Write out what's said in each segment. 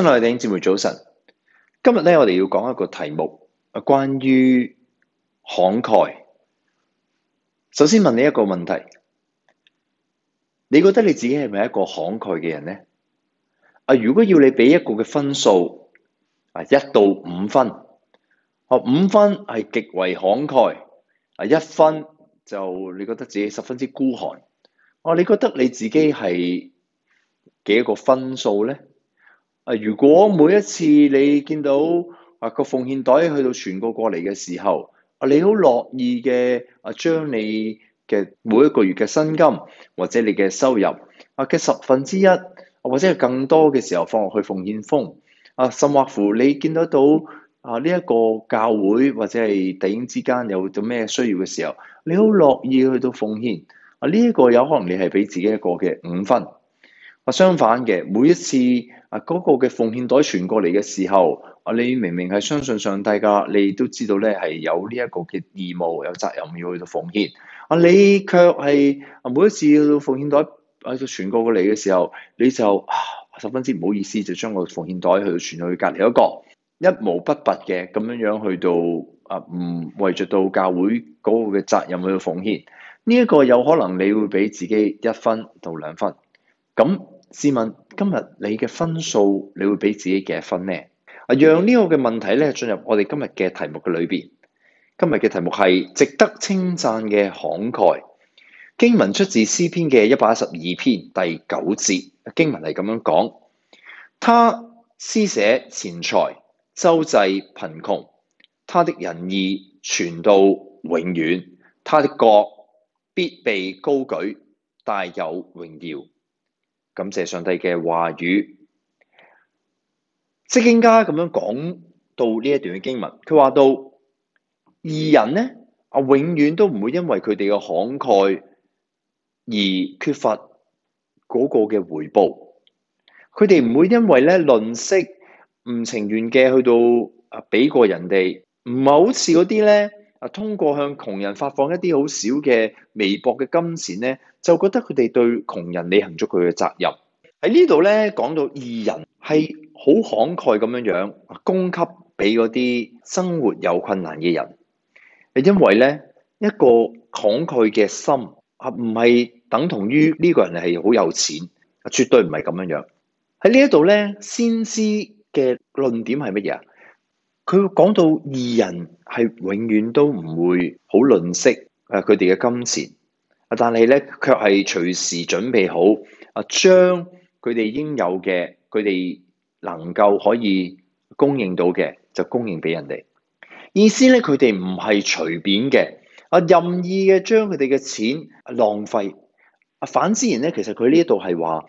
親愛的姐妹早晨，今日呢我哋要講一個題目，關於慷慨。首先問你一個問題：你覺得你自己係咪一個慷慨嘅人呢？啊，如果要你俾一個嘅分數啊，一到五分，哦、啊，五分係極為慷慨，啊，一分就你覺得自己十分之孤寒。哦、啊，你覺得你自己係幾一個分數呢？啊！如果每一次你見到啊個奉獻袋去到傳過過嚟嘅時候，啊你好樂意嘅啊將你嘅每一個月嘅薪金或者你嘅收入啊嘅十分之一，或者係更多嘅時候放落去奉獻風啊，甚或乎你見得到啊呢一個教會或者係弟兄之間有咗咩需要嘅時候，你好樂意去到奉獻啊，呢一個有可能你係俾自己一個嘅五分。相反嘅，每一次啊，嗰個嘅奉獻袋傳過嚟嘅時候，啊，你明明係相信上帝噶，你都知道咧係有呢一個嘅義務、有責任要去到奉獻。啊，你卻係啊，每一次去到奉獻袋啊，傳過嚟嘅時候，你就、啊、十分之唔好意思，就將個奉獻袋去到傳去隔籬一個，一毛不拔嘅咁樣樣去到啊，唔為著到教會嗰個嘅責任去到奉獻。呢一個有可能你會俾自己一分到兩分，咁。試問今日你嘅分數你會俾自己幾分呢？啊，讓呢個嘅問題咧進入我哋今日嘅題目嘅裏邊。今日嘅題目係值得稱讚嘅慷慨。經文出自詩篇嘅一百一十二篇第九節，經文係咁樣講：他施捨錢財，周濟貧窮；他的仁義存到永遠，他的角必被高舉，大有榮耀。感謝上帝嘅話語，釋經家咁樣講到呢一段嘅經文，佢話到義人呢，啊永遠都唔會因為佢哋嘅慷慨而缺乏嗰個嘅回報，佢哋唔會因為咧吝嗇唔情願嘅去到啊俾過人哋，唔係好似嗰啲咧。啊！通過向窮人發放一啲好少嘅微薄嘅金錢咧，就覺得佢哋對窮人履行咗佢嘅責任。喺呢度咧，講到義人係好慷慨咁樣樣供給俾嗰啲生活有困難嘅人。誒，因為咧一個慷慨嘅心啊，唔係等同於呢個人係好有錢啊，絕對唔係咁樣樣。喺呢一度咧，先知嘅論點係乜嘢啊？佢講到義人係永遠都唔會好吝惜，誒佢哋嘅金錢，但係咧卻係隨時準備好，啊將佢哋應有嘅，佢哋能夠可以供應到嘅就供應俾人哋。意思咧，佢哋唔係隨便嘅，啊任意嘅將佢哋嘅錢浪費。啊，反之然咧，其實佢呢一度係話，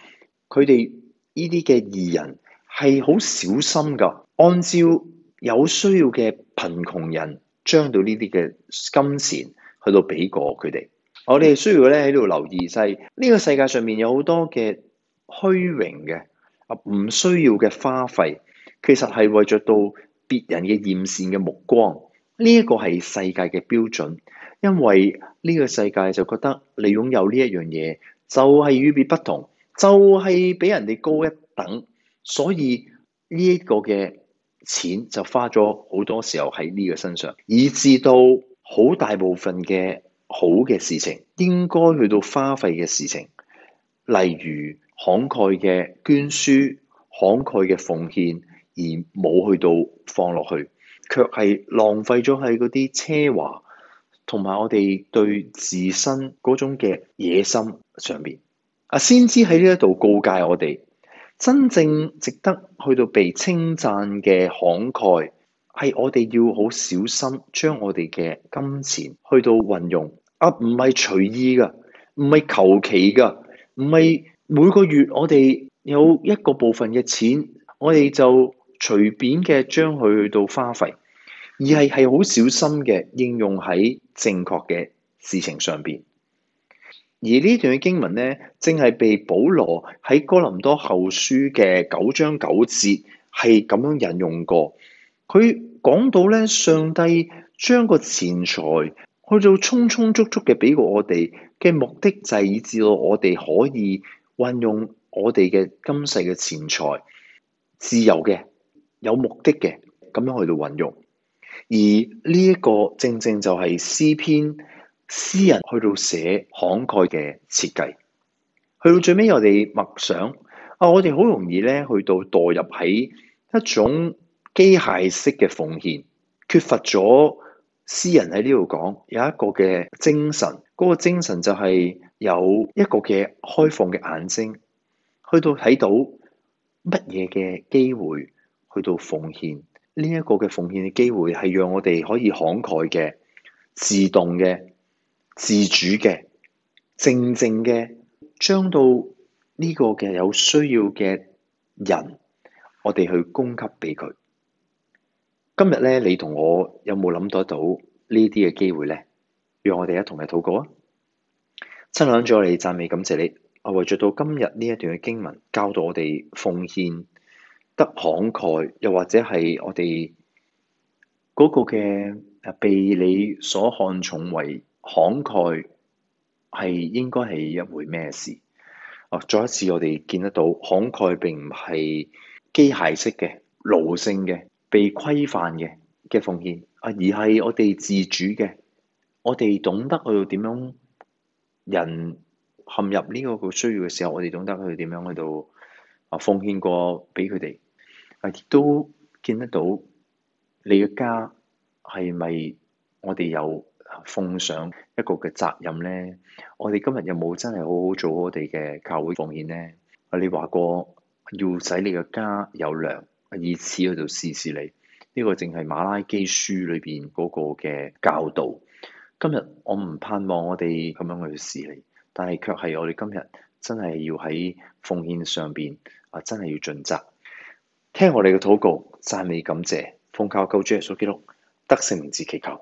佢哋呢啲嘅義人係好小心㗎，按照，有需要嘅貧窮人，將到呢啲嘅金錢去到俾過佢哋。我哋需要咧喺度留意，就係呢個世界上面有好多嘅虛榮嘅啊，唔需要嘅花費，其實係為著到別人嘅艷羨嘅目光。呢一個係世界嘅標準，因為呢個世界就覺得你擁有呢一樣嘢就係、是、與別不同，就係、是、比人哋高一等。所以呢一個嘅。錢就花咗好多時候喺呢個身上，以至到好大部分嘅好嘅事情，應該去到花費嘅事情，例如慷慨嘅捐書、慷慨嘅奉獻，而冇去到放落去，卻係浪費咗喺嗰啲奢華同埋我哋對自身嗰種嘅野心上面。阿先知喺呢一度告誡我哋。真正值得去到被稱讚嘅慷慨，係我哋要好小心將我哋嘅金錢去到運用啊！唔係隨意㗎，唔係求其㗎，唔係每個月我哋有一個部分嘅錢，我哋就隨便嘅將佢去到花費，而係係好小心嘅應用喺正確嘅事情上面。而呢段嘅經文咧，正係被保羅喺哥林多後書嘅九章九節係咁樣引用過。佢講到咧，上帝將個錢財去到充充足足嘅俾過我哋嘅目的，就係以致到我哋可以運用我哋嘅今世嘅錢財，自由嘅、有目的嘅，咁樣去到運用。而呢一個正正就係詩篇。詩人去到寫慷慨嘅設計，去到最尾我哋默想啊、哦，我哋好容易咧去到墮入喺一種機械式嘅奉獻，缺乏咗詩人喺呢度講有一個嘅精神，嗰、那個精神就係有一個嘅開放嘅眼睛，去到睇到乜嘢嘅機會，去到奉獻呢一、這個嘅奉獻嘅機會，係讓我哋可以慷慨嘅自動嘅。自主嘅，正正嘅，將到呢個嘅有需要嘅人，我哋去供給俾佢。今日咧，你同我有冇諗到得到呢啲嘅機會咧？讓我哋一同嚟禱告啊！親，響咗，我哋讚美，感謝你啊！我為著到今日呢一段嘅經文，教導我哋奉獻得慷慨，又或者係我哋嗰個嘅被你所看重為。慷慨係應該係一回咩事？哦、啊，再一次我哋見得到慷慨並唔係機械式嘅、奴性嘅、被規範嘅嘅奉獻啊，而係我哋自主嘅，我哋懂得去到點樣人陷入呢個個需要嘅時候，我哋懂得去點樣去到啊奉獻過俾佢哋啊，亦都見得到你嘅家係咪我哋有？奉上一個嘅責任咧，我哋今日有冇真係好好做我哋嘅教會奉獻咧？你話過要使你嘅家有糧，以此去試試你。呢個淨係馬拉基書裏邊嗰個嘅教導。今日我唔盼望我哋咁樣去試你，但係卻係我哋今日真係要喺奉獻上邊啊，真係要盡責。聽我哋嘅禱告，讚美感謝，奉靠救主耶穌基督，得勝名字祈求。